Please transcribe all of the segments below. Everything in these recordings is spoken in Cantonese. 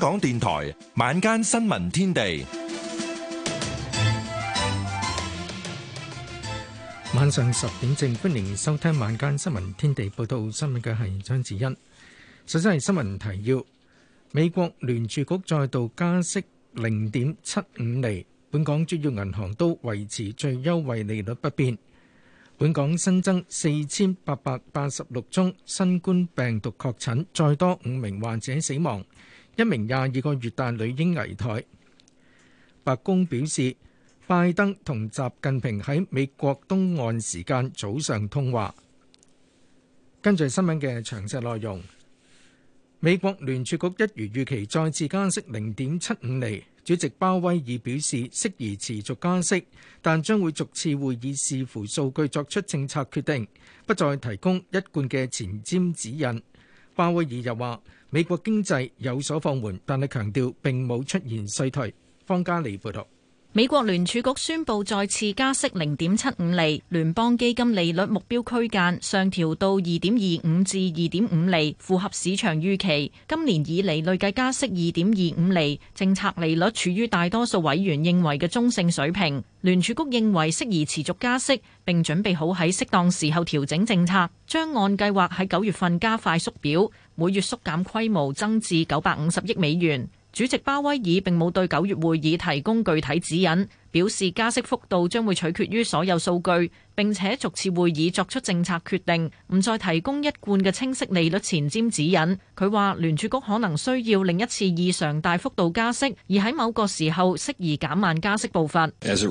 港電台晚間新聞天地，晚上十點正，歡迎收聽晚間新聞天地。報道新聞嘅係張子欣。首先係新聞提要：美國聯儲局再度加息零點七五厘，本港主要銀行都維持最優惠利率不變。本港新增四千八百八十六宗新冠病毒確診，再多五名患者死亡。一名廿二個月大女嬰危殆。白宮表示，拜登同習近平喺美國東岸時間早上通話。跟住新聞嘅詳細內容，美國聯儲局一如預期再次加息零點七五厘。主席鮑威爾表示適宜持續加息，但將會逐次會議視乎數據作出政策決定，不再提供一貫嘅前瞻指引。鮑威爾又話，美國經濟有所放緩，但係強調並冇出現衰退。方家利報道，美國聯儲局宣布再次加息零點七五厘，聯邦基金利率目標區間上調到二點二五至二點五厘，符合市場預期。今年以嚟累計加息二點二五厘，政策利率處於大多數委員認為嘅中性水平。聯儲局認為適宜持續加息，並準備好喺適當時候調整政策，將按計劃喺九月份加快縮表。每月縮減規模增至九百五十億美元。主席鮑威爾並冇對九月會議提供具體指引。表示加息幅度將會取決於所有數據，並且逐次會議作出政策決定，唔再提供一貫嘅清晰利率前瞻指引。佢話聯儲局可能需要另一次異常大幅度加息，而喺某個時候適宜減慢加息步伐。As it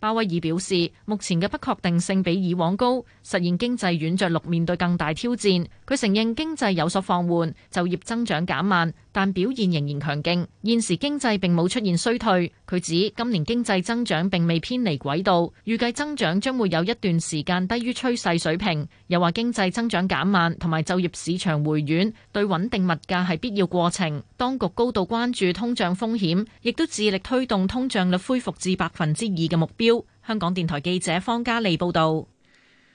鮑威爾表示，目前嘅不確定性比以往高，實現經濟軟着陸面對更大挑戰。佢承認經濟有所放緩，就業增長減慢，但表現仍然強勁。現時經濟並冇出現衰退。佢指今年經濟增長並未偏離軌道，預計增長將會有一段時間低於趨勢水平。又話經濟增長減慢同埋就業市場回軟，對穩定物價係必要過程。當局高度關注通脹風險，亦都致力推動通脹率恢復至百分之二嘅目標。香港電台記者，方嘉莉報道。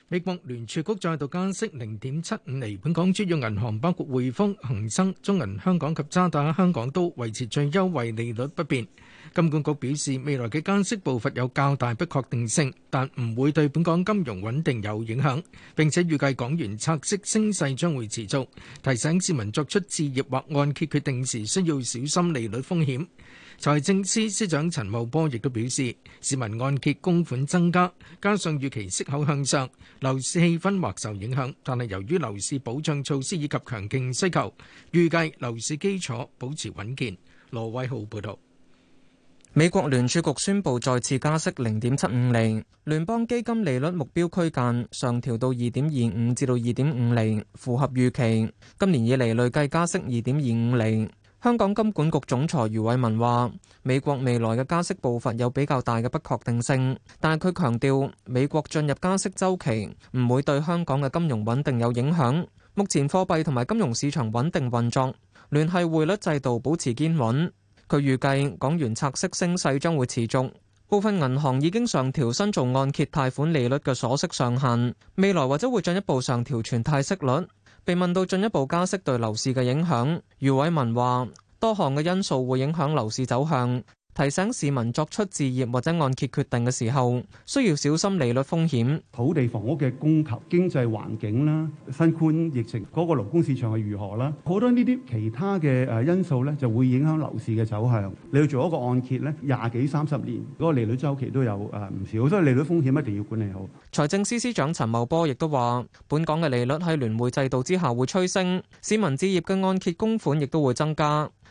美國聯儲局再度加息零點七五厘，本港主要銀行包括匯豐、恒生、中銀、香港及渣打香港都維持最優惠利率不變。金管局表示，未來嘅加息步伐有較大不確定性，但唔會對本港金融穩定有影響，並且預計港元拆息升勢將會持續，提醒市民作出置業或按揭決定時需要小心利率風險。財政司司長陳茂波亦都表示，市民按揭供款增加，加上預期息口向上，樓市氣氛或受影響。但係由於樓市保障措施以及強勁需求，預計樓市基礎保持穩健。羅偉浩報導。美國聯儲局宣布再次加息零點七五厘，聯邦基金利率目標區間上調到二點二五至到二點五厘，符合預期。今年以嚟累計加息二點二五厘。香港金管局總裁余偉文話，美國未來嘅加息步伐有比較大嘅不確定性，但係佢強調，美國進入加息周期唔會對香港嘅金融穩定有影響。目前貨幣同埋金融市場穩定運作，聯繫匯率制度保持堅穩。佢預計港元拆息升勢將會持續，部分銀行已經上調新做按揭貸款利率嘅鎖息上限，未來或者會進一步上調存貸息率。被問到進一步加息對樓市嘅影響，余偉文話：多項嘅因素會影響樓市走向。提醒市民作出置業或者按揭決定嘅時候，需要小心利率風險。土地房屋嘅供求、經濟環境啦、新冠疫情嗰個勞工市場係如何啦，好多呢啲其他嘅誒因素咧，就會影響樓市嘅走向。你要做一個按揭咧，廿幾三十年嗰個利率周期都有誒唔少，所以利率風險一定要管理好。財政司司長陳茂波亦都話本港嘅利率喺聯匯制度之下會催升，市民置業嘅按揭供款亦都會增加。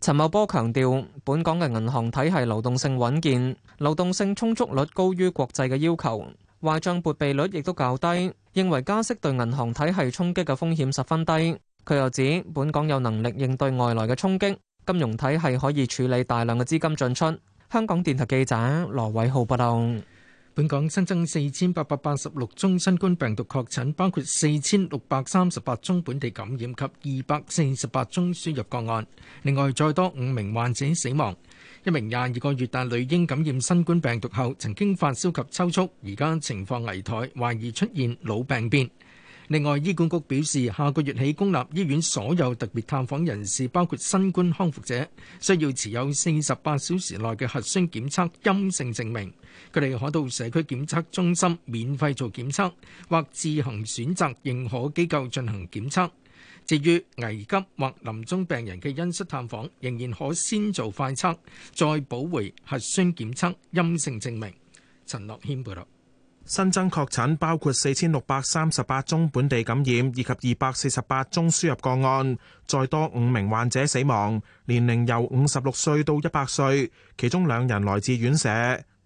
陳茂波強調，本港嘅銀行體係流動性穩健，流動性充足率高於國際嘅要求，壞賬撥備率亦都較低，認為加息對銀行體係衝擊嘅風險十分低。佢又指，本港有能力應對外來嘅衝擊，金融體係可以處理大量嘅資金進出。香港電台記者羅偉浩報道。本港新增四千八百八十六宗新冠病毒確診，包括四千六百三十八宗本地感染及二百四十八宗輸入個案。另外，再多五名患者死亡，一名廿二個月大女嬰感染新冠病毒後曾經發燒及抽搐，而家情況危殆，懷疑出現腦病變。另外，醫管局表示，下個月起公立醫院所有特別探訪人士，包括新冠康復者，需要持有四十八小時內嘅核酸檢測陰性證明。佢哋可到社區檢測中心免費做檢測，或自行選擇認可機構進行檢測。至於危急或臨終病人嘅恩恤探訪，仍然可先做快測，再補回核酸檢測陰性證明。陳樂謙報導，新增確診包括四千六百三十八宗本地感染以及二百四十八宗輸入個案，再多五名患者死亡，年齡由五十六歲到一百歲，其中兩人來自院舍。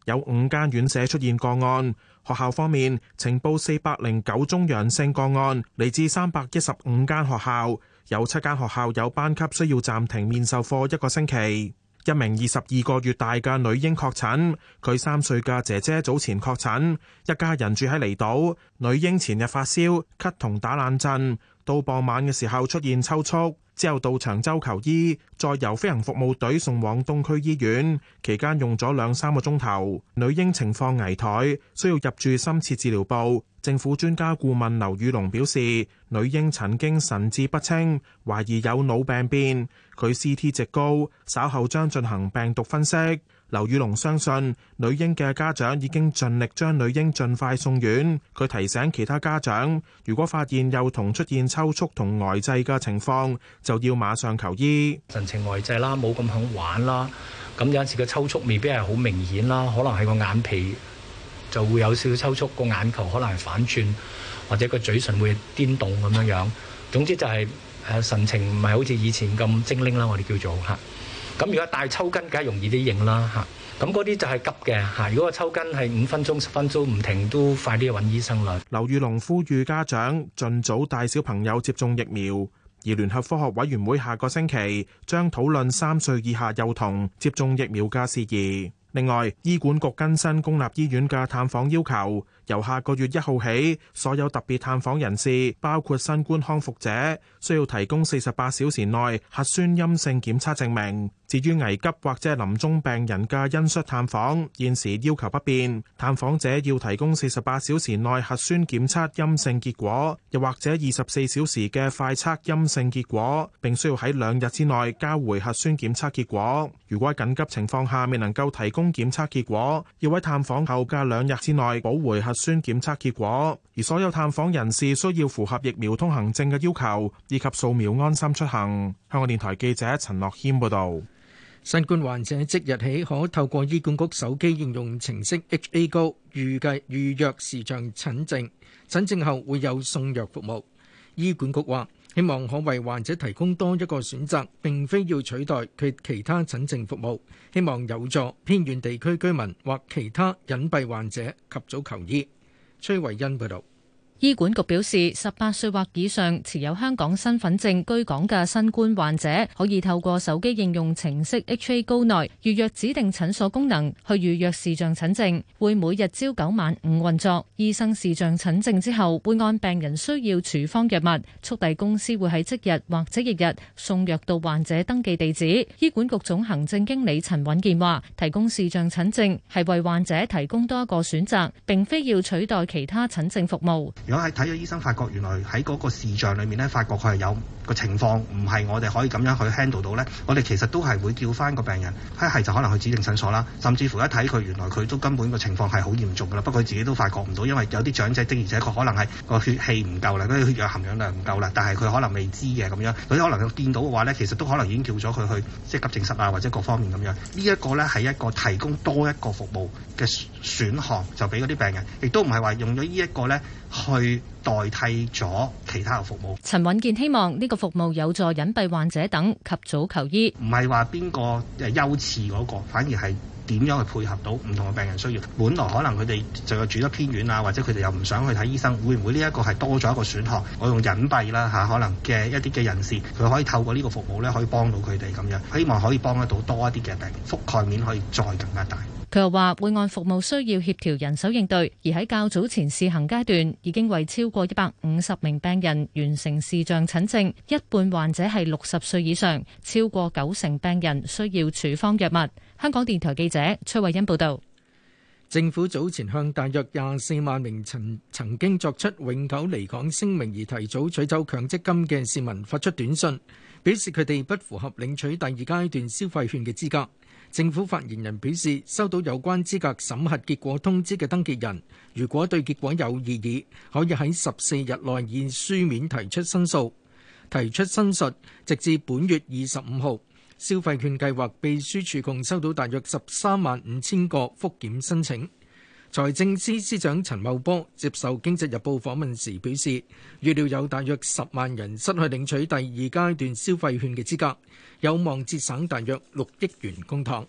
有五間院舍出現個案，學校方面呈報四百零九宗陽性個案，嚟自三百一十五間學校，有七間學校有班級需要暫停面授課一個星期。一名二十二個月大嘅女嬰確診，佢三歲嘅姐姐早前確診，一家人住喺離島，女嬰前日發燒、咳同打冷震。到傍晚嘅時候出現抽搐，之後到長洲求醫，再由飛行服務隊送往東區醫院，期間用咗兩三個鐘頭。女嬰情況危殆，需要入住深切治療部。政府專家顧問劉宇龍表示，女嬰曾經神志不清，懷疑有腦病變，佢 CT 值高，稍後將進行病毒分析。劉宇龍相信女嬰嘅家長已經盡力將女嬰盡快送院。佢提醒其他家長，如果發現幼童出現抽搐同呆滯嘅情況，就要馬上求醫。神情呆滯啦，冇咁肯玩啦，咁有陣時個抽搐未必係好明顯啦，可能係個眼皮就會有少少抽搐，個眼球可能係反轉，或者個嘴唇會顛動咁樣樣。總之就係誒神情唔係好似以前咁精靈啦，我哋叫做吓。咁如果大抽筋，梗係容易啲認啦吓。咁嗰啲就係急嘅吓。如果個抽筋係五分鐘、十分鐘唔停，都快啲去搵醫生啦。劉宇龍呼籲家長盡早帶小朋友接種疫苗，而聯合科學委員會下個星期將討論三歲以下幼童接種疫苗嘅事宜。另外，醫管局更新公立醫院嘅探訪要求。由下個月一號起，所有特別探訪人士，包括新冠康復者，需要提供四十八小時內核酸陰性檢測證明。至於危急或者係臨終病人嘅恩恤探訪，現時要求不變，探訪者要提供四十八小時內核酸檢測陰性結果，又或者二十四小時嘅快測陰性結果，並需要喺兩日之內交回核酸檢測結果。如果喺緊急情況下未能夠提供檢測結果，要喺探訪後嘅兩日之內補回核酸。核酸檢測結果，而所有探訪人士需要符合疫苗通行證嘅要求，以及掃描安心出行。香港電台記者陳樂謙報道。新冠患者即日起可透過醫管局手機應用程式 HA 高預計預約視像診症，診症後會有送藥服務，醫管局話。希望可為患者提供多一個選擇，並非要取代佢其他診症服務。希望有助偏遠地區居民或其他隱蔽患者及早求醫。崔慧恩報道。醫管局表示，十八歲或以上持有香港身份證居港嘅新冠患者，可以透過手機應用程式 HA Go 內預約指定診所功能去預約視像診症，會每日朝九晚五運作。醫生視像診症之後，會按病人需要處方藥物，速遞公司會喺即日或者翌日，日送藥到患者登記地址。醫管局總行政經理陳允健話，提供視像診症係為患者提供多一個選擇，並非要取代其他診症服務。如果睇咗醫生，發覺原來喺嗰個視像裏面咧，發覺佢係有個情況，唔係我哋可以咁樣去 handle 到咧。我哋其實都係會叫翻個病人佢係就可能去指定診所啦，甚至乎一睇佢原來佢都根本個情況係好嚴重噶啦。不過佢自己都發覺唔到，因為有啲長者，的而且確可能係個血氣唔夠啦，嗰啲血氧含氧量唔夠啦，但係佢可能未知嘅咁樣。有啲可能見到嘅話咧，其實都可能已經叫咗佢去即係急症室啊，或者各方面咁樣。呢一個咧係一個提供多一個服務嘅選項，就俾嗰啲病人，亦都唔係話用咗呢一個咧。去代替咗其他嘅服務。陳允健希望呢個服務有助隱蔽患者等及早求醫，唔係話邊個誒優次嗰個，反而係。點樣去配合到唔同嘅病人需要？本來可能佢哋就要住得偏遠啊，或者佢哋又唔想去睇醫生，會唔會呢一個係多咗一個選項？我用隱蔽啦嚇，可能嘅一啲嘅人士，佢可以透過呢個服務咧，可以幫到佢哋咁樣，希望可以幫得到多一啲嘅病人，覆蓋面可以再更加大。佢又話會按服務需要協調人手應對，而喺較早前試行階段已經為超過一百五十名病人完成視像診症，一半患者係六十歲以上，超過九成病人需要處方藥物。香港電台記者崔慧欣報道，政府早前向大約廿四萬名曾曾經作出永久離港聲明而提早取走強積金嘅市民發出短信，表示佢哋不符合領取第二階段消費券嘅資格。政府發言人表示，收到有關資格審核結果通知嘅登記人，如果對結果有異議，可以喺十四日內以書面提出申訴，提出申訴直至本月二十五號。消費券計劃秘書處共收到大約十三萬五千個復檢申請。財政司司長陳茂波接受《經濟日報》訪問時表示，預料有大約十萬人失去領取第二階段消費券嘅資格，有望節省大約六億元公帑。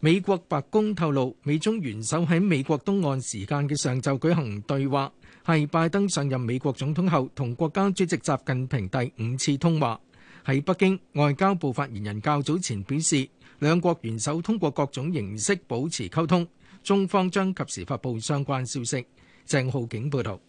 美國白宮透露，美中元首喺美國東岸時間嘅上晝舉行對話，係拜登上任美國總統後同國家主席習近平第五次通話。喺北京，外交部發言人較早前表示，兩國元首通過各種形式保持溝通，中方將及時發布相關消息。鄭浩景報道，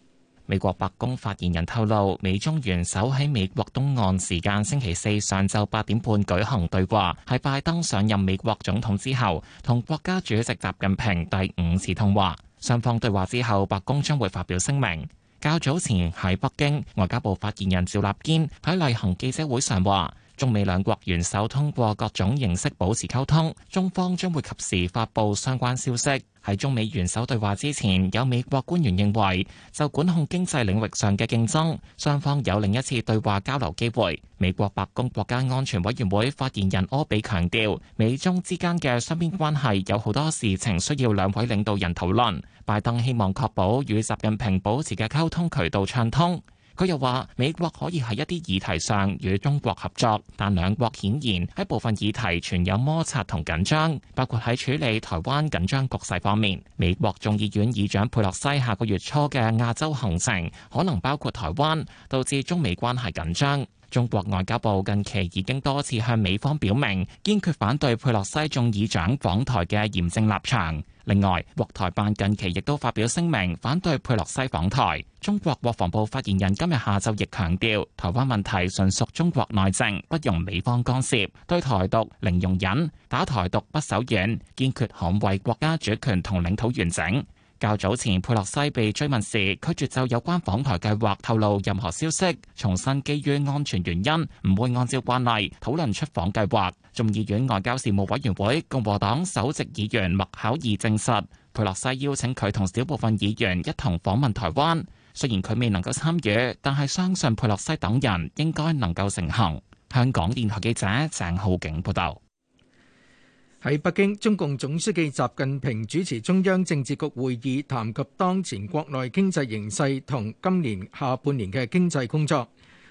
美國白宮發言人透露，美中元首喺美國東岸時間星期四上晝八點半舉行對話，係拜登上任美國總統之後同國家主席習近平第五次通話，雙方對話之後白宮將會發表聲明。較早前喺北京，外交部發言人趙立堅喺例行記者會上話。中美兩國元首通過各種形式保持溝通，中方將會及時發布相關消息。喺中美元首對話之前，有美國官員認為就管控經濟領域上嘅競爭，雙方有另一次對話交流機會。美國白宮國家安全委員會發言人柯比強調，美中之間嘅雙邊關係有好多事情需要兩位領導人討論。拜登希望確保與習近平保持嘅溝通渠道暢通。佢又話：美國可以喺一啲議題上與中國合作，但兩國顯然喺部分議題存有摩擦同緊張，包括喺處理台灣緊張局勢方面。美國眾議院議長佩洛西下個月初嘅亞洲行程，可能包括台灣，導致中美關係緊張。中國外交部近期已經多次向美方表明，堅決反對佩洛西眾議長訪台嘅嚴正立場。另外，國台辦近期亦都發表聲明反對佩洛西訪台。中國國防部發言人今日下晝亦強調，台灣問題純屬中國內政，不容美方干涉。對台獨零容忍，打台獨不手軟，堅決捍衛國家主權同領土完整。較早前佩洛西被追問時，拒絕就有關訪台計劃透露任何消息，重申基於安全原因，唔會按照慣例討論出訪計劃。眾議院外交事務委員會共和黨首席議員麥考爾證實，佩洛西邀請佢同少部分議員一同訪問台灣。雖然佢未能夠參與，但係相信佩洛西等人應該能夠成行。香港電台記者鄭浩景報道。喺北京，中共總書記習近平主持中央政治局會議，談及當前國內經濟形勢同今年下半年嘅經濟工作。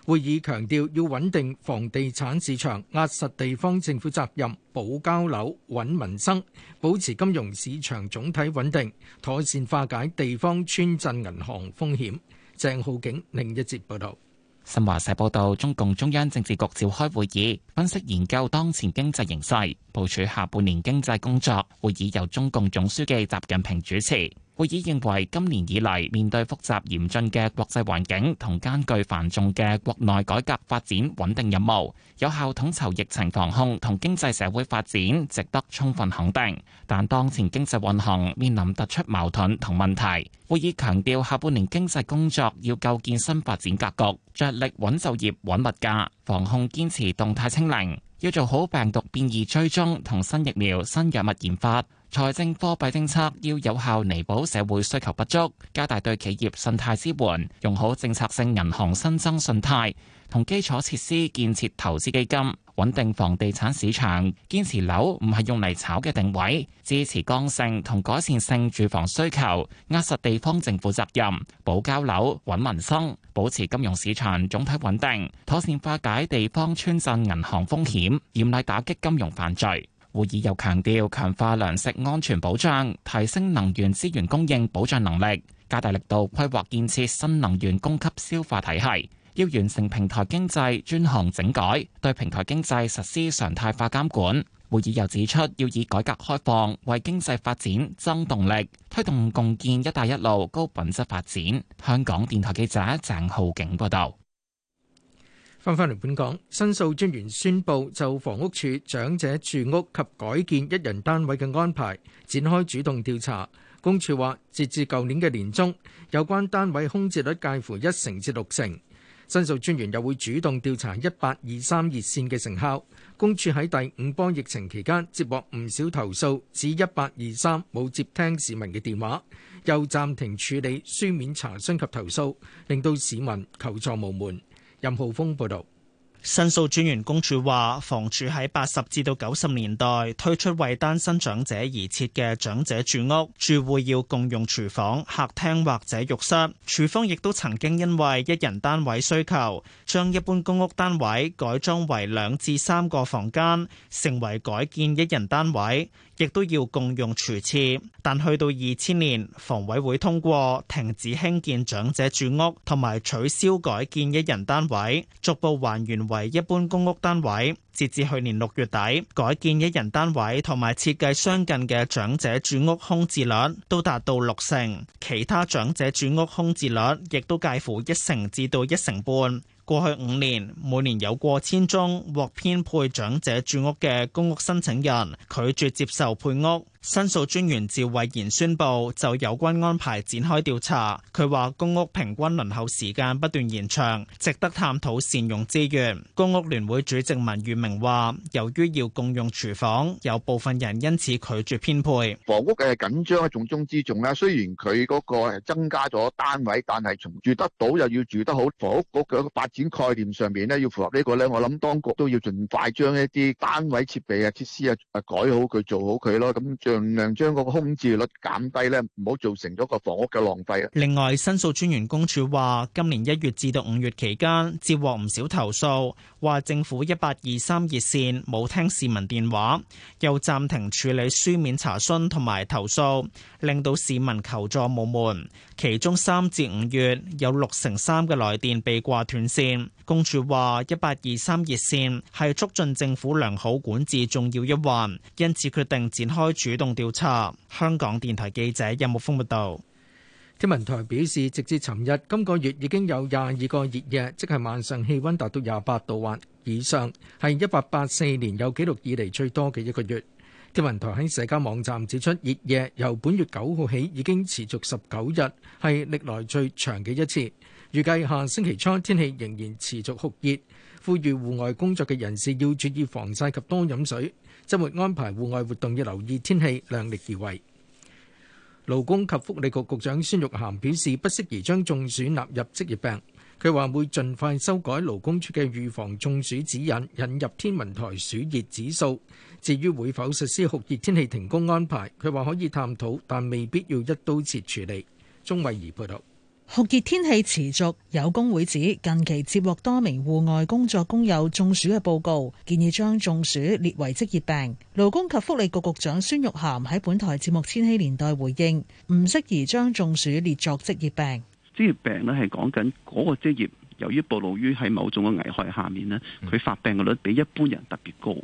會議強調要穩定房地產市場，壓實地方政府責任，保交樓、穩民生，保持金融市場總體穩定，妥善化解地方村鎮銀行風險。鄭浩景另一節報道。新華社報道，中共中央政治局召開會議，分析研究當前經濟形勢，部署下半年經濟工作。會議由中共中央總書記習近平主持。會議認為，今年以嚟面對複雜嚴峻嘅國際環境同艱巨繁重嘅國內改革發展穩定任務，有效統籌疫情防控同經濟社會發展，值得充分肯定。但當前經濟運行面臨突出矛盾同問題。會議強調，下半年經濟工作要構建新發展格局，着力穩就業、穩物價，防控堅持動態清零，要做好病毒變異追蹤同新疫苗、新藥物研發。財政貨幣政策要有效彌補社會需求不足，加大對企業信貸支援，用好政策性銀行新增信貸同基礎設施建設投資基金，穩定房地產市場。堅持樓唔係用嚟炒嘅定位，支持剛性同改善性住房需求，壓實地方政府責任，保交樓、穩民生，保持金融市場總體穩定，妥善化解地方村鎮銀行風險，嚴厲打擊金融犯罪。會議又強調，強化糧食安全保障，提升能源資源供應保障能力，加大力度規劃建設新能源供給消化體系。要完成平台經濟專項整改，對平台經濟實施常態化監管。會議又指出，要以改革開放為經濟發展增動力，推動共建“一帶一路”高品質發展。香港電台記者鄭浩景報道。翻返嚟本港，申訴專員宣布就房屋署長者住屋及改建一人單位嘅安排展開主動調查。公署話，截至舊年嘅年中，有關單位空置率介乎一成至六成。申訴專員又會主動調查一八二三熱線嘅成效。公署喺第五波疫情期間接獲唔少投訴，指一八二三冇接聽市民嘅電話，又暫停處理書面查詢及投訴，令到市民求助無門。任浩峰報道，申訴專員公署話，房署喺八十至到九十年代推出為單身長者而設嘅長者住屋，住戶要共用廚房、客廳或者浴室，廚房亦都曾經因為一人單位需求，將一般公屋單位改裝為兩至三個房間，成為改建一人單位。亦都要共用廚廁，但去到二千年，房委會通過停止興建長者住屋，同埋取消改建一人單位，逐步還原為一般公屋單位。截至去年六月底，改建一人單位同埋設計相近嘅長者住屋空置率都達到六成，其他長者住屋空置率亦都介乎一成至到一成半。過去五年，每年有過千宗獲編配長者住屋嘅公屋申請人拒絕接受配屋。申訴專員趙慧賢宣布就有關安排展開調查。佢話公屋平均輪候時間不斷延長，值得探討善用資源。公屋聯會主席文裕明話，由於要共用廚房，有部分人因此拒絕編配。房屋嘅緊張係重中之重啦。雖然佢嗰個增加咗單位，但係住得到又要住得好，房屋嗰個發展概念上面呢，要符合呢、呢個呢。我諗當局都要盡快將一啲單位設備啊、設施啊改好佢做好佢咯。咁盡量將個空置率減低咧，唔好造成咗個房屋嘅浪費。另外，申訴專員公署話，今年一月至到五月期間，接獲唔少投訴，話政府一八二三熱線冇聽市民電話，又暫停處理書面查詢同埋投訴，令到市民求助無門。其中三至五月有六成三嘅來電被掛斷線。公署話一八二三熱線係促進政府良好管治重要一環，因此決定展開主。動調查。香港電台記者任木峰報道。天文台表示，直至尋日，今個月已經有廿二個熱夜，即係晚上氣溫達到廿八度或以上，係一八八四年有紀錄以嚟最多嘅一個月。天文台喺社交網站指出，熱夜由本月九號起已經持續十九日，係歷來最長嘅一次。預計下星期初天氣仍然持續酷熱，呼籲戶外工作嘅人士要注意防曬及多飲水。週末安排戶外活動要留意天氣，量力而為。勞工及福利局局長孫玉涵表示，不適宜將中暑納入職業病。佢話會盡快修改勞工處嘅預防中暑指引，引入天文台暑熱指數。至於會否實施酷熱天氣停工安排，佢話可以探討，但未必要一刀切處理。鍾慧儀報導。酷熱天氣持續，有工會指近期接獲多名戶外工作工友中暑嘅報告，建議將中暑列為職業病。勞工及福利局局，局長孫玉菡喺本台節目《千禧年代》回應：唔適宜將中暑列作職業病。職業病呢係講緊嗰個職業，由於暴露於喺某種嘅危害下面呢，佢發病率比一般人特別高。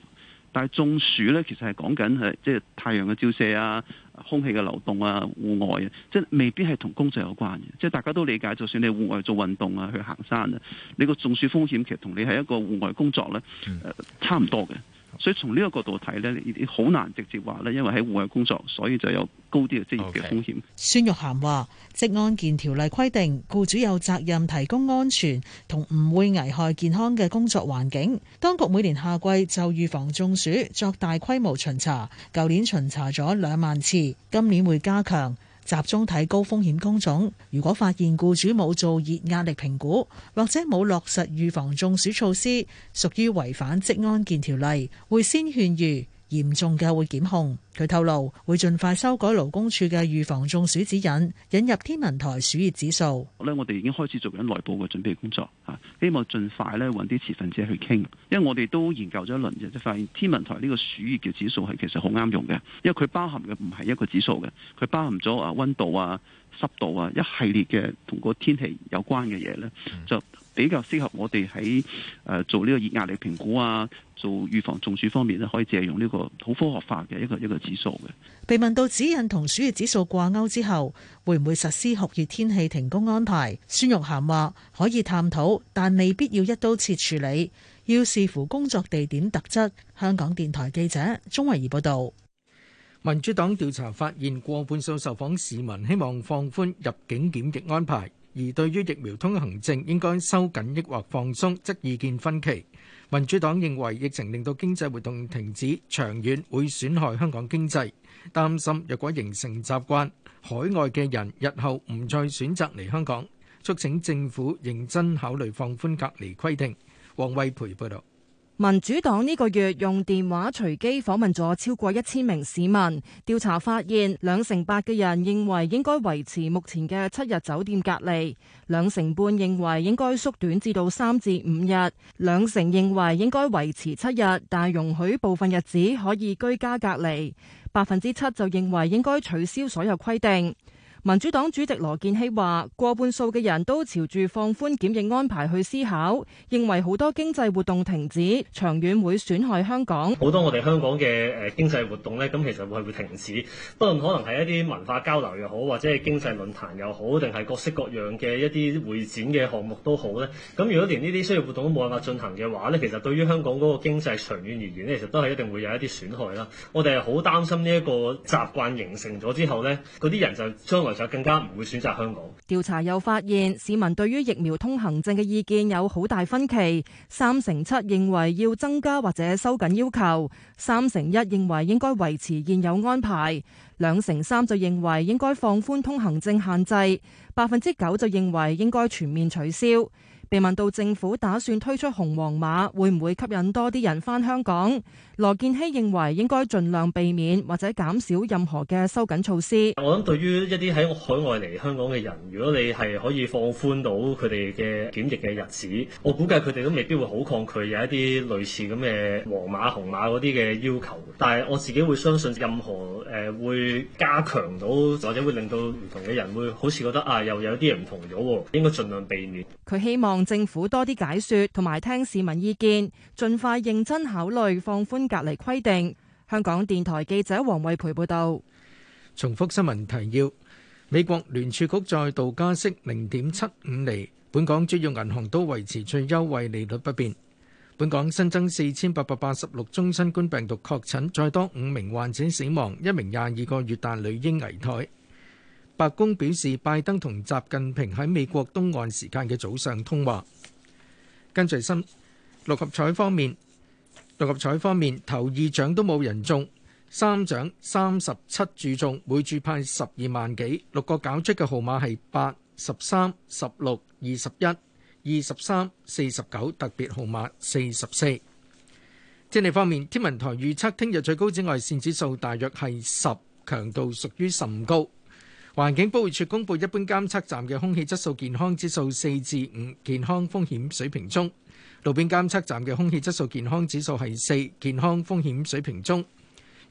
但係中暑呢，其實係講緊係即係太陽嘅照射啊、空氣嘅流動啊、戶外啊，即係未必係同工作有關嘅。即係大家都理解，就算你戶外做運動啊、去行山啊，你個中暑風險其實同你係一個戶外工作呢，啊呃，差唔多嘅。所以從呢一個角度睇呢啲好難直接話呢因為喺戶外工作，所以就有高啲嘅職業嘅風險。Okay. 孫玉菡話：職安健條例規定，雇主有責任提供安全同唔會危害健康嘅工作環境。當局每年夏季就預防中暑作大規模巡查，舊年巡查咗兩萬次，今年會加強。集中睇高風險工種，如果發現雇主冇做熱壓力評估，或者冇落實預防中暑措施，屬於違反職安健條例，會先勸喻。嚴重嘅會檢控。佢透露會盡快修改勞工處嘅預防中暑指引，引入天文台暑熱指數。我哋已經開始做緊內部嘅準備工作，啊， 希望盡快咧揾啲持份者去傾。因為我哋都研究咗一輪嘅，就發現天文台呢個暑熱嘅指數係其實好啱用嘅，因為佢包含嘅唔係一個指數嘅，佢包含咗啊溫度啊、濕度啊一系列嘅同個天氣有關嘅嘢咧，就。比較適合我哋喺誒做呢個熱壓力評估啊，做預防中暑方面咧，可以借用呢個好科學化嘅一個一個指數嘅。被問到指引同暑熱指數掛鈎之後，會唔會實施酷熱天氣停工安排？孫玉涵話：可以探討，但未必要一刀切處理，要視乎工作地點特質。香港電台記者鍾慧儀報道。民主黨調查發現，過半數受訪市民希望放寬入境檢疫安排。而對於疫苗通行證應該收緊抑或放鬆，則意見分歧。民主黨認為疫情令到經濟活動停止，長遠會損害香港經濟，擔心若果形成習慣，海外嘅人日後唔再選擇嚟香港，促請政府認真考慮放寬隔離規定。王惠培報道。民主黨呢個月用電話隨機訪問咗超過一千名市民，調查發現兩成八嘅人認為應該維持目前嘅七日酒店隔離，兩成半認為應該縮短至到三至五日，兩成認為應該維持七日，但容許部分日子可以居家隔離，百分之七就認為應該取消所有規定。民主黨主席羅健熙話：過半數嘅人都朝住放寬檢疫安排去思考，認為好多經濟活動停止，長遠會損害香港。好多我哋香港嘅誒經濟活動呢，咁其實係會停止。不過可能係一啲文化交流又好，或者係經濟論壇又好，定係各式各樣嘅一啲會展嘅項目都好呢。咁如果連呢啲商業活動都冇辦法進行嘅話呢，其實對於香港嗰個經濟長遠而言呢，其實都係一定會有一啲損害啦。我哋係好擔心呢一個習慣形成咗之後呢，嗰啲人就將來，就更加唔會選擇香港。調查又發現，市民對於疫苗通行證嘅意見有好大分歧。三成七認為要增加或者收緊要求，三成一認為應該維持現有安排，兩成三就認為應該放寬通行證限制，百分之九就認為應該全面取消。被問到政府打算推出紅黃碼，會唔會吸引多啲人返香港？羅健熙認為應該盡量避免或者減少任何嘅收緊措施。我諗對於一啲喺海外嚟香港嘅人，如果你係可以放寬到佢哋嘅檢疫嘅日子，我估計佢哋都未必會好抗拒有一啲類似咁嘅黃碼、紅碼嗰啲嘅要求。但係我自己會相信任何誒會加強到或者會令到唔同嘅人會好似覺得啊又有啲人唔同咗，應該盡量避免。佢希望。望政府多啲解説同埋聽市民意見，盡快認真考慮放寬隔離規定。香港電台記者王慧培報導。重複新聞提要：美國聯儲局再度加息零點七五釐，本港主要銀行都維持最優惠利率不變。本港新增四千八百八十六宗新冠病毒確診，再多五名患者死亡，一名廿二個月大女嬰危殆。白宮表示，拜登同習近平喺美國東岸時間嘅早上通話。跟住新六合彩方面，六合彩方面頭二獎都冇人中，三獎三十七注中，每注派十二萬幾。六個搞出嘅號碼係八、十三、十六、二十一、二十三、四十九，特別號碼四十四。天氣方面，天文台預測聽日最高紫外線指數大約係十，強度屬於甚高。環境保護署公佈一般監測站嘅空氣質素健康指數四至五，健康風險水平中；路邊監測站嘅空氣質素健康指數係四，健康風險水平中。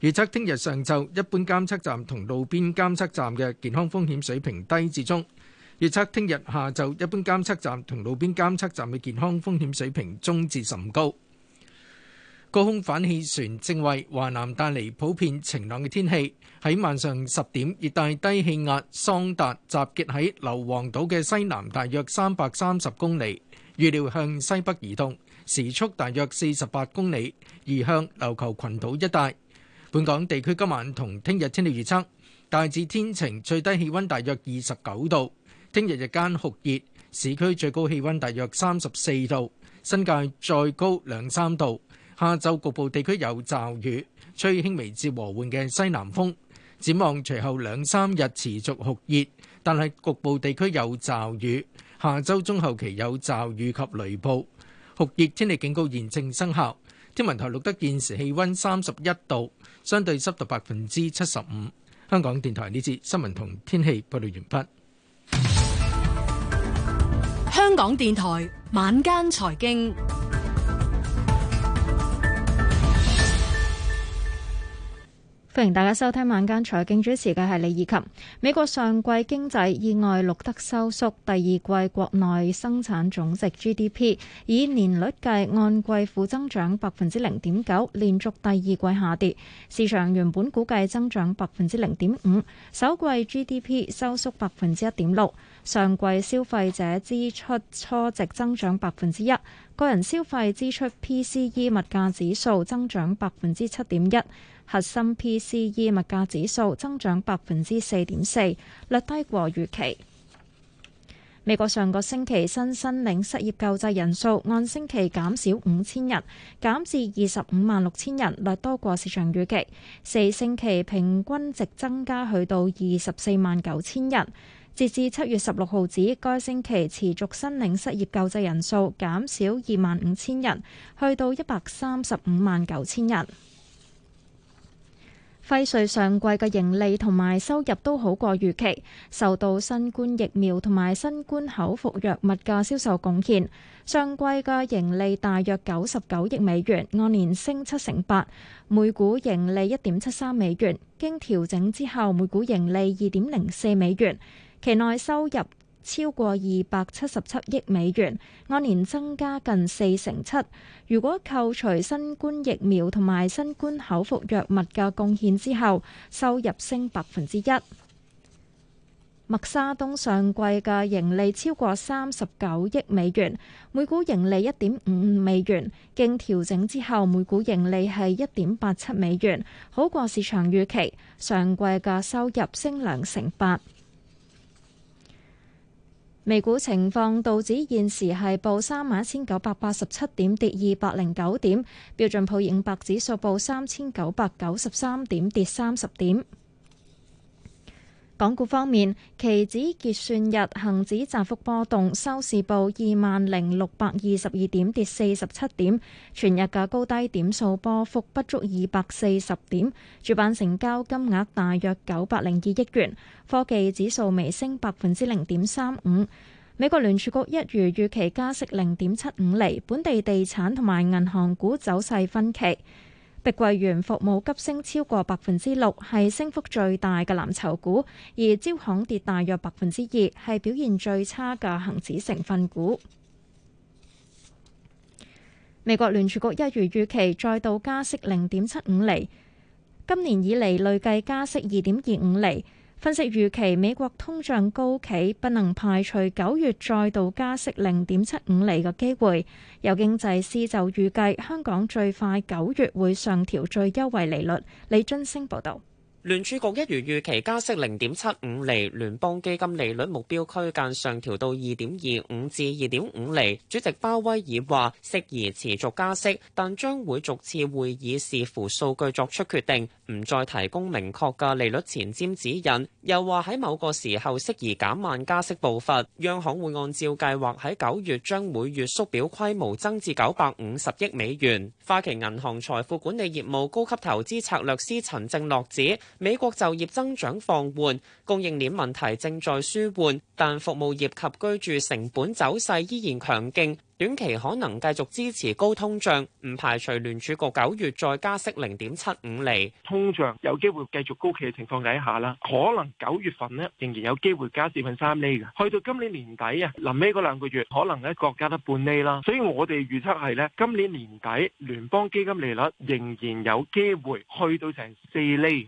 預測聽日上晝，一般監測站同路邊監測站嘅健康風險水平低至中。預測聽日下晝，一般監測站同路邊監測站嘅健康風險水平中至甚高。高空反氣旋正為華南帶嚟普遍晴朗嘅天氣。喺晚上十點，熱帶低氣壓桑達集結喺硫磺島嘅西南，大約三百三十公里。預料向西北移動，時速大約四十八公里，移向琉球群島一帶。本港地區今晚同聽日天氣預測大致天晴，最低氣温大約二十九度。聽日日間酷熱，市區最高氣温大約三十四度，新界再高兩三度。下晝局部地區有驟雨，吹輕微至和緩嘅西南風。展望隨後兩三日持續酷熱，但係局部地區有驟雨。下周中後期有驟雨及雷暴，酷熱天氣警告現正生效。天文台錄得現時氣溫三十一度，相對濕度百分之七十五。香港電台呢次新聞同天氣報道完畢。香港電台晚間財經。歡迎大家收聽晚間財經，主持嘅係李怡琴。美國上季經濟意外錄得收縮，第二季國內生產總值 GDP 以年率計按季負增長百分之零點九，連續第二季下跌。市場原本估計增長百分之零點五，首季 GDP 收縮百分之一點六。上季消費者支出初值增長百分之一，個人消費支出 PCE 物價指數增長百分之七點一，核心 PCE 物價指數增長百分之四點四，略低過預期。美國上個星期新申領失業救濟人數按星期減少五千人，減至二十五萬六千人，略多過市場預期。四星期平均值增加去到二十四萬九千人。截至七月十六號止，該星期持續申領失業救濟人數減少二萬五千人，去到一百三十五萬九千人。輝瑞上季嘅盈利同埋收入都好過預期，受到新冠疫苗同埋新冠口服藥物嘅銷售貢獻。上季嘅盈利大約九十九億美元，按年升七成八，每股盈利一點七三美元，經調整之後，每股盈利二點零四美元。期內收入超過二百七十七億美元，按年增加近四成七。如果扣除新冠疫苗同埋新冠口服藥物嘅貢獻之後，收入升百分之一。默沙東上季嘅盈利超過三十九億美元，每股盈利一點五五美元，經調整之後，每股盈利係一點八七美元，好過市場預期。上季嘅收入升兩成八。美股情況，道指現時係報三萬一千九百八十七點，跌二百零九點；標準普爾五百指數報三千九百九十三點，跌三十點。港股方面，期指結算日，恒指窄幅波動收市報二萬零六百二十二點跌四十七點，全日嘅高低點數波幅不足二百四十點，主板成交金額大約九百零二億元。科技指數微升百分之零點三五。美國聯儲局一如預期加息零點七五厘，本地地產同埋銀行股走勢分歧。碧桂園服務急升超過百分之六，係升幅最大嘅藍籌股；而招行跌大約百分之二，係表現最差嘅恒指成分股。美國聯儲局一如預期再度加息零點七五厘，今年以嚟累計加息二點二五厘。分析預期美國通脹高企，不能排除九月再度加息零點七五厘嘅機會。有經濟師就預計香港最快九月會上調最優惠利率。李津星報導。聯儲局一如預期加息零點七五厘，聯邦基金利率目標區間上調到二點二五至二點五厘。主席鮑威爾話：適宜持續加息，但將會逐次會議視乎數據作出決定，唔再提供明確嘅利率前瞻指引。又話喺某個時候適宜減慢加息步伐。央行會按照計劃喺九月將每月縮表規模增至九百五十億美元。花旗銀行財富管理業務高級投資策略師陳正樂指。美國就業增長放緩，供應鏈問題正在舒緩，但服務業及居住成本走勢依然強勁，短期可能繼續支持高通脹，唔排除聯儲局九月再加息零點七五釐。通脹有機會繼續高企嘅情況底下啦，可能九月份咧仍然有機會加四分三釐嘅。去到今年年底啊，臨尾嗰兩個月可能咧各加得半釐啦。所以我哋預測係咧，今年年底聯邦基金利率仍然有機會去到成四釐。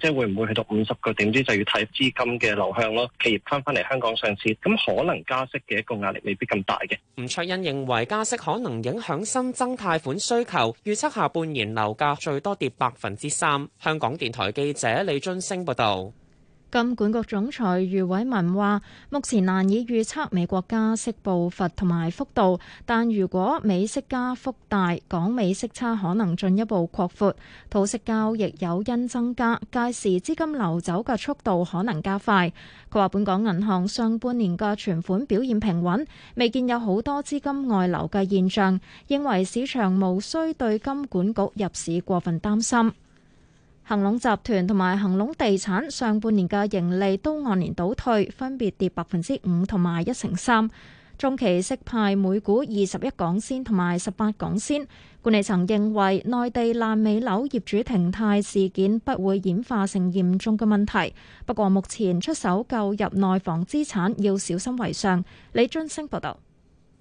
即係會唔會去到五十個點子，唔知就要睇資金嘅流向咯。企業翻翻嚟香港上市，咁可能加息嘅一個壓力未必咁大嘅。吳卓恩認為加息可能影響新增貸款需求，預測下半年樓價最多跌百分之三。香港電台記者李津升報道。金管局總裁余偉文話：目前難以預測美國加息步伐同埋幅度，但如果美息加幅大，港美息差可能進一步擴闊，套息交易有因增加，屆時資金流走嘅速度可能加快。佢話：本港銀行上半年嘅存款表現平穩，未見有好多資金外流嘅現象，認為市場無需對金管局入市過分擔心。恒隆集團同埋恒隆地產上半年嘅盈利都按年倒退，分別跌百分之五同埋一成三。中期息派每股二十一港仙同埋十八港仙。管理層認為內地爛尾樓業主停貸事件不會演化成嚴重嘅問題，不過目前出手購入內房資產要小心為上。李俊升報道。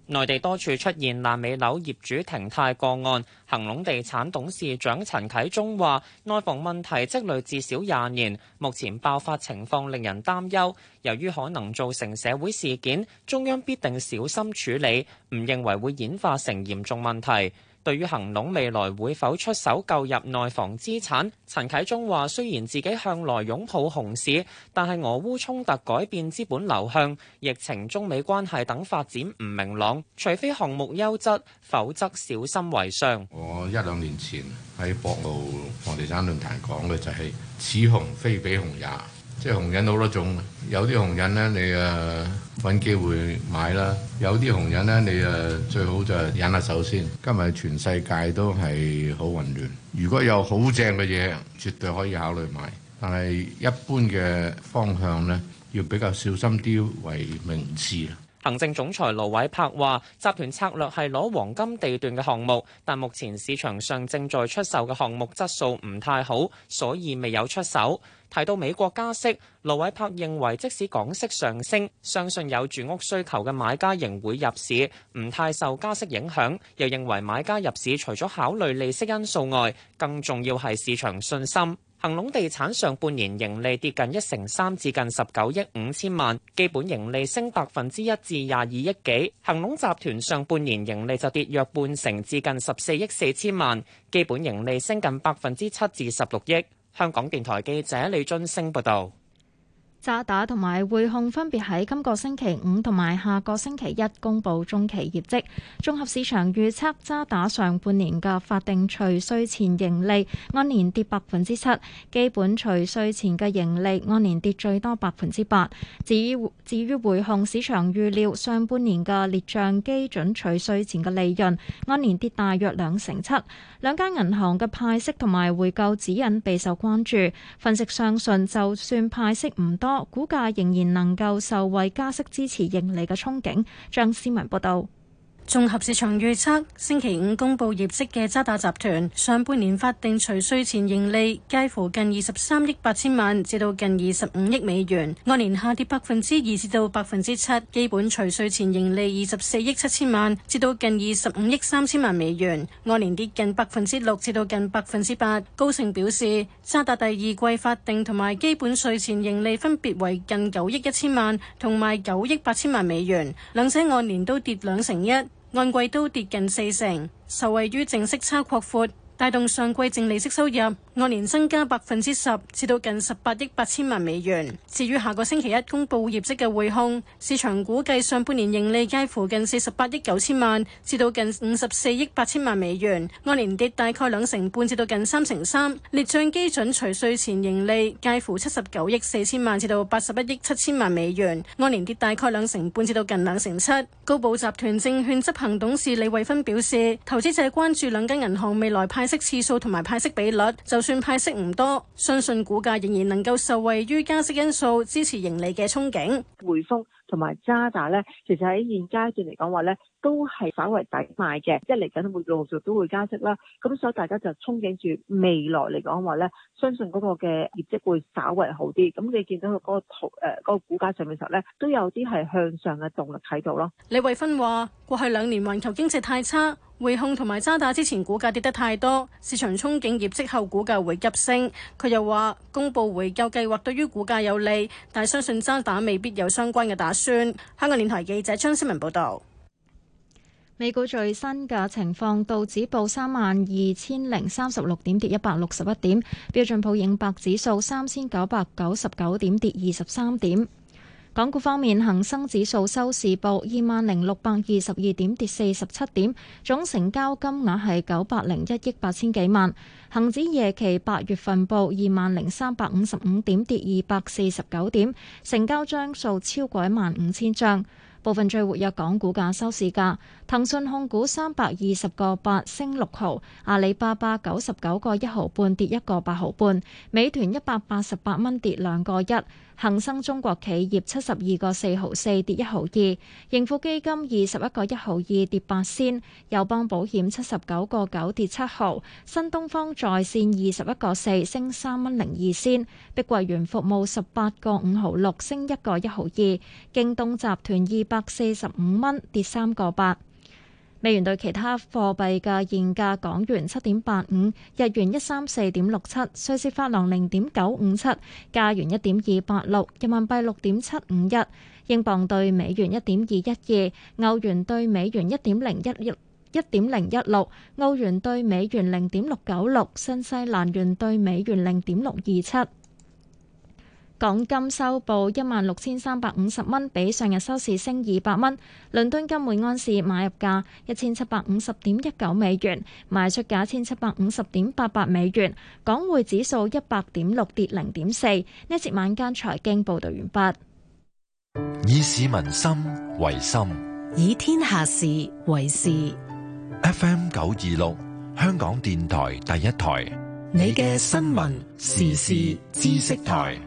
內地多處出現爛尾樓業主停貸個案，恒隆地產董事長陳啟宗話：內房問題積累至少廿年，目前爆發情況令人擔憂。由於可能造成社會事件，中央必定小心處理，唔認為會演化成嚴重問題。對於恒隆未來會否出手購入內房資產，陳啟宗話：雖然自己向來擁抱熊市，但係俄烏衝突改變資本流向，疫情、中美關係等發展唔明朗，除非項目優質，否則小心為上。我一兩年前喺博鰲房地產論壇講嘅就係：此紅非彼紅也。即係紅人好多種，有啲紅人呢，你誒、啊、揾機會買啦；有啲紅人呢，你誒、啊、最好就忍下手先。今日全世界都係好混亂，如果有好正嘅嘢，絕對可以考慮買。但係一般嘅方向呢，要比較小心啲為明智。行政總裁盧偉柏話：集團策略係攞黃金地段嘅項目，但目前市場上正在出售嘅項目質素唔太好，所以未有出手。提到美國加息，盧偉柏認為即使港息上升，相信有住屋需求嘅買家仍會入市，唔太受加息影響。又認為買家入市除咗考慮利息因素外，更重要係市場信心。恒隆地產上半年盈利跌近一成三，至近十九億五千萬，基本盈利升百分之一至廿二億幾。恒隆集團上半年盈利就跌約半成，至近十四億四千萬，基本盈利升近百分之七至十六億。香港電台記者李俊升報道。渣打同埋匯控分別喺今個星期五同埋下個星期一公布中期業績。綜合市場預測，渣打上半年嘅法定除稅前盈利按年跌百分之七，基本除稅前嘅盈利按年跌最多百分之八。至於至於匯控，市場預料上半年嘅列賬基準除稅前嘅利潤按年跌大約兩成七。兩間銀行嘅派息同埋回購指引備受關注。分析相信，就算派息唔多。股價仍然能夠受惠加息支持盈利嘅憧憬。張思文報道。綜合市場預測，星期五公布業績嘅渣打集團上半年法定除稅前盈利介乎近二十三億八千萬至到近二十五億美元，按年下跌百分之二至到百分之七，基本除稅前盈利二十四億七千萬至到近二十五億三千萬美元，按年跌近百分之六至到近百分之八。高盛表示，渣打第二季法定同埋基本稅前盈利分別為近九億一千萬同埋九億八千萬美元，兩者按年都跌兩成一。按季都跌近四成，受惠於淨息差擴闊，帶動上季淨利息收入。按年增加百分之十，至到近十八億八千萬美元。至於下個星期一公布業績嘅匯控，市場估計上半年盈利介乎近四十八億九千萬，至到近五十四億八千萬美元，按年跌大概兩成半至到近三成三。列帳基準除稅前盈利介乎七十九億四千萬至到八十一億七千萬美元，按年跌大概兩成半至到近兩成七。高寶集團證券執行董事李慧芬表示，投資者關注兩間銀行未來派息次數同埋派息比率，就算派息唔多，相信股價仍然能夠受惠於加息因素，支持盈利嘅憧憬。匯豐同埋渣打咧，其實喺現階段嚟講話咧。都係稍為抵買嘅，即係嚟緊會陸續都會加息啦。咁所以大家就憧憬住未來嚟講話呢，相信嗰個嘅業績會稍為好啲。咁你見到佢嗰個圖誒嗰個股價上面時候呢，都有啲係向上嘅動力喺度咯。李慧芬話：過去兩年環球經濟太差，匯控同埋渣打之前股價跌得太多，市場憧憬業績後股價會急升。佢又話公布回購計劃對於股價有利，但係相信渣打未必有相關嘅打算。香港電台記者張思文報道。美股最新嘅情況，道指報三萬二千零三十六點，跌一百六十一點；標準普應百指數三千九百九十九點，跌二十三點。港股方面，恒生指數收市報二萬零六百二十二點，跌四十七點；總成交金額係九百零一億八千幾萬。恒指夜期八月份報二萬零三百五十五點，跌二百四十九點，成交張數超過一萬五千張。部分最活躍港股價收市價：騰訊控股三百二十個八升六毫，阿里巴巴九十九個一毫半跌一個八毫半，美團一百八十八蚊跌兩個一。恒生中國企業七十二個四毫四跌一毫二，盈富基金二十一個一毫二跌八仙，友邦保險七十九個九跌七毫，新東方在線二十一個四升三蚊零二仙，碧桂園服務十八個五毫六升一個一毫二，京東集團二百四十五蚊跌三個八。美元兌其他貨幣嘅現價：港元七點八五，日元一三四點六七，瑞士法郎零點九五七，加元一點二八六，人民幣六點七五一，英鎊對美元一點二一二，歐元對美元一點零一一點零一六，歐元對美元零點六九六，新西蘭元對美元零點六二七。港金收報一萬六千三百五十蚊，比上日收市升二百蚊。倫敦金每安士買入價一千七百五十點一九美元，賣出價一千七百五十點八八美元。港匯指數一百點六，跌零點四。呢節晚間財經報道完畢。以市民心為心，以天下事為事。FM 九二六，香港電台第一台，你嘅新聞時事知識台。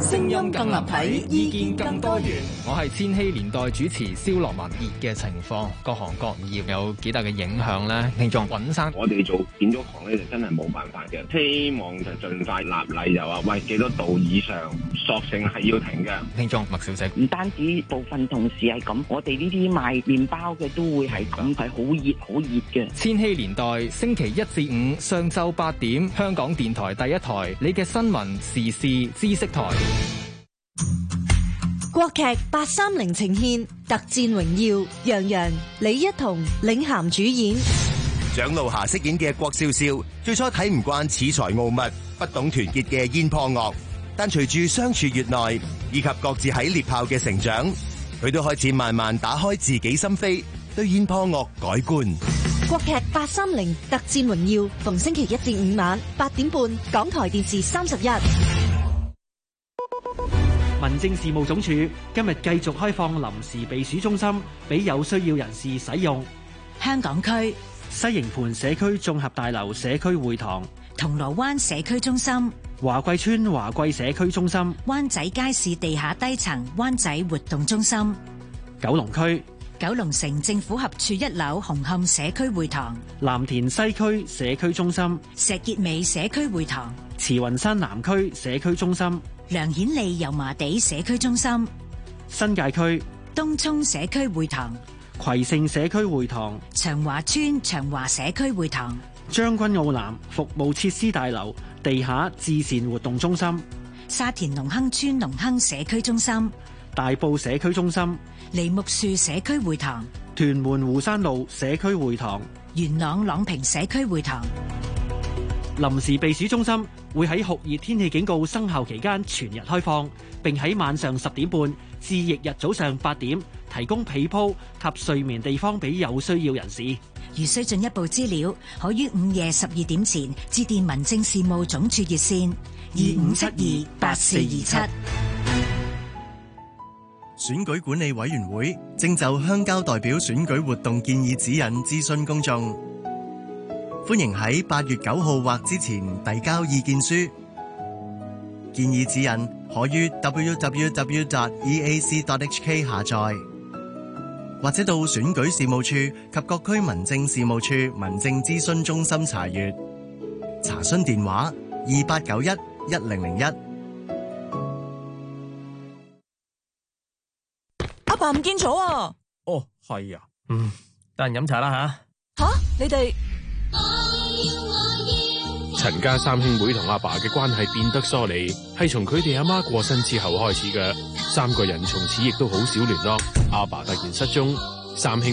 聲音更立體，意見更多元。我係千禧年代主持蕭樂文。熱嘅情況，各行各業有幾大嘅影響咧？聽眾，尹生，我哋做建築行咧就真係冇辦法嘅，希望就儘快立例，又話喂幾多度以上，索性係要停嘅。聽眾，麥小姐，唔單止部分同事係咁，我哋呢啲賣麵包嘅都會係咁，係好熱，好熱嘅。千禧年代星期一至五上晝八點，香港電台第一台，你嘅新聞時事知識台。國劇八三零呈現《特戰榮耀》，楊洋、李一桐領銜主演。蔣璐霞飾演嘅郭笑笑，最初睇唔慣恃才傲物、不懂團結嘅燕破岳，但隨住相處越耐，以及各自喺獵豹嘅成長，佢都開始慢慢打開自己心扉，對燕破岳改觀。國劇八三零《特戰榮耀》逢星期一至五晚八點半，港台電視三十一。民政事務總署今日繼續開放臨時避暑中心，俾有需要人士使用。香港區西營盤社區綜合大樓社區會堂、銅鑼灣社區中心、華貴村華貴社區中心、灣仔街市地下低層灣仔活動中心、九龍區九龍城政府合署一樓紅磡社區會堂、藍田西區社區中心、石硤尾社區會堂、慈雲山南區社區中心。梁顯利油麻地社區中心，新界區東涌社區會堂，葵盛社區會堂，長華村長華社區會堂，將軍澳南服務設施大樓地下慈善活動中心，沙田隆亨村隆亨社區中心，大埔社區中心，梨木樹社區會堂，屯門湖山路社區會堂，元朗朗平社區會堂，臨時避暑中心，會喺酷熱天氣警告生效期間全日開放，並喺晚上十點半至翌日早上八點提供被鋪及睡眠地方俾有需要人士。如需進一步資料，可於午夜十二點前致電民政事務總署熱線二五七二八四二七。選舉管理委員會正就鄉郊代表選舉活動建議指引諮詢公眾。歡迎喺八月九號或之前遞交意見書。建議指引可於 www.eac.hk 下載，或者到選舉事務處及各區民政事務處民政諮詢中心查閱。查詢電話：二八九一一零零一。阿爸唔見咗啊！哦，係啊，嗯，得閒飲茶啦吓。吓，你哋。陳家三兄妹同阿爸嘅關係變得疏離，係從佢哋阿媽過身之後開始嘅。三個人從此亦都好少聯絡。阿爸突然失蹤，三兄。